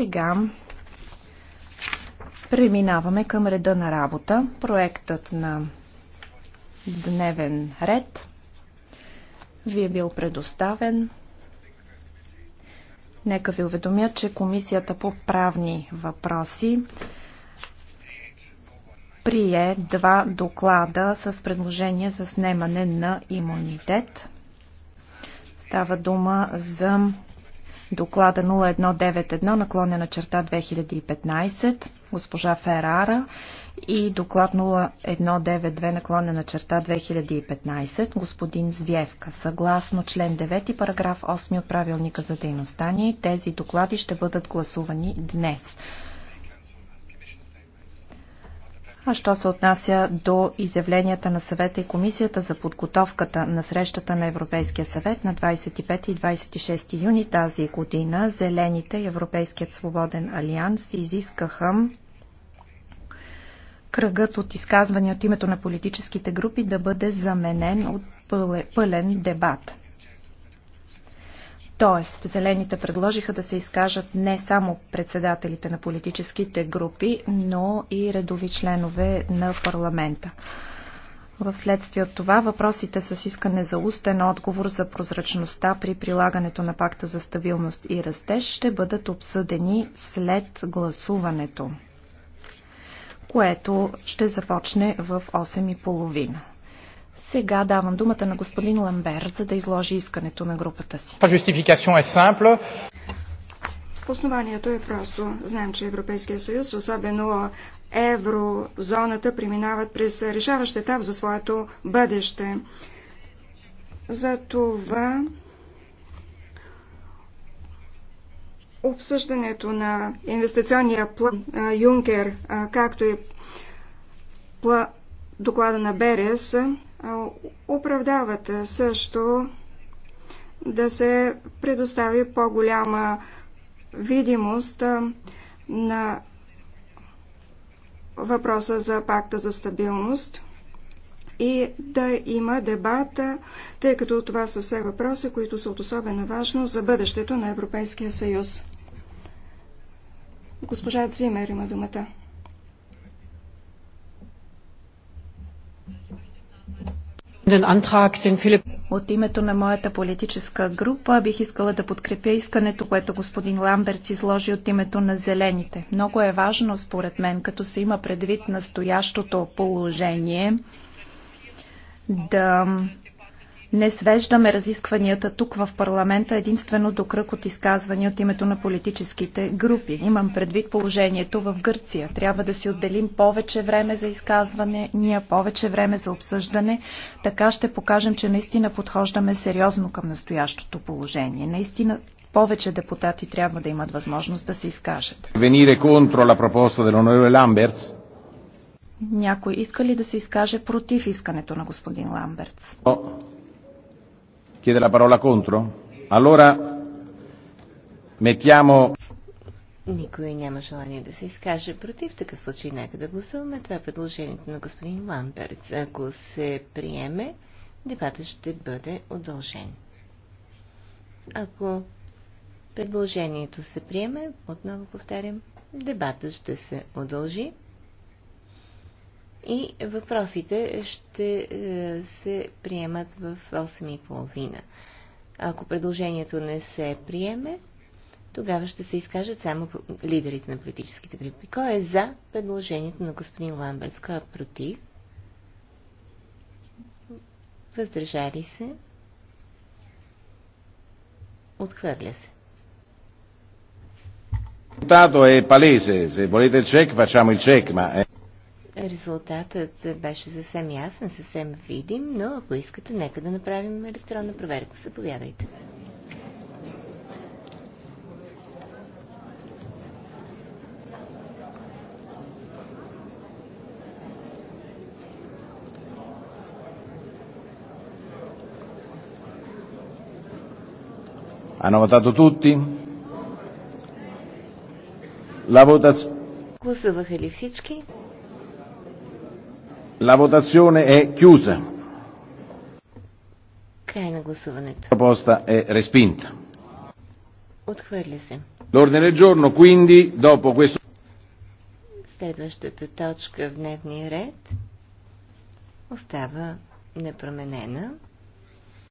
Сега преминаваме към реда на работа. Проектът на дневен ред ви е бил предоставен. Нека ви уведомя, че Комисията по правни въпроси прие два доклада с предложение за снемане на имунитет. Става дума за доклада 0191 наклонена черта 2015, госпожа Ферара и доклад 0192 наклонена черта 2015, господин Звевка. Съгласно член 9 параграф 8 от правилника за дейността ни, тези доклади ще бъдат гласувани днес. А що се отнася до изявленията на съвета и комисията за подготовката на срещата на Европейския съвет на 25 и 26 юни тази година, Зелените и Европейският свободен алианс изискаха кръгът от изказвания от името на политическите групи да бъде заменен от пълен дебат. Тоест, зелените предложиха да се изкажат не само председателите на политическите групи, но и редови членове на парламента. В следствие от това въпросите с искане за устен отговор за прозрачността при прилагането на пакта за стабилност и растеж ще бъдат обсъдени след гласуването, което ще започне в 8.30. Сега давам думата на господин Ламбер, за да изложи искането на групата си. Е Основанието е просто. Знаем, че Европейския съюз, особено еврозоната, преминават през решаващ етап за своето бъдеще. За това обсъждането на инвестиционния план Юнкер, както и доклада на Берес, оправдават също да се предостави по-голяма видимост на въпроса за пакта за стабилност и да има дебат, тъй като това са все въпроси, които са от особена важност за бъдещето на Европейския съюз. Госпожа Цимер има думата. От името на моята политическа група бих искала да подкрепя искането, което господин Ламберц изложи от името на зелените. Много е важно, според мен, като се има предвид настоящото положение, да не свеждаме разискванията тук в парламента единствено до кръг от изказвания от името на политическите групи. Имам предвид положението в Гърция. Трябва да си отделим повече време за изказване, ние повече време за обсъждане. Така ще покажем, че наистина подхождаме сериозно към настоящото положение. Наистина повече депутати трябва да имат възможност да се изкажат. Венире контро la proposta dell'onorevole Lamberts? Някой иска ли да се изкаже против искането на господин Ламбертс? chiede la parola contro? Allora mettiamo... Никой няма желание да се изкаже против. В такъв случай нека да гласуваме. Това е предложението на господин Ламперц. Ако се приеме, дебатът ще бъде удължен. Ако предложението се приеме, отново повтарям, дебатът ще се удължи. И въпросите ще е, се приемат в 8.30. Ако предложението не се приеме, тогава ще се изкажат само лидерите на политическите групи. Кой е за предложението на господин Ламбертс? Кой е против? Въздържали се? Отхвърля се. Dato е palese, Се volete чек, вачамо и чек, ма е. Резултатът беше съвсем ясен, съвсем видим, но ако искате, нека да направим електронна проверка. Заповядайте. Hanno votato tutti? La votazione. Гласуваха ли всички? La votazione è chiusa. La Proposta è respinta. L'ordine del giorno, quindi, dopo questo... Следващата точка в дневния ред остава непроменена.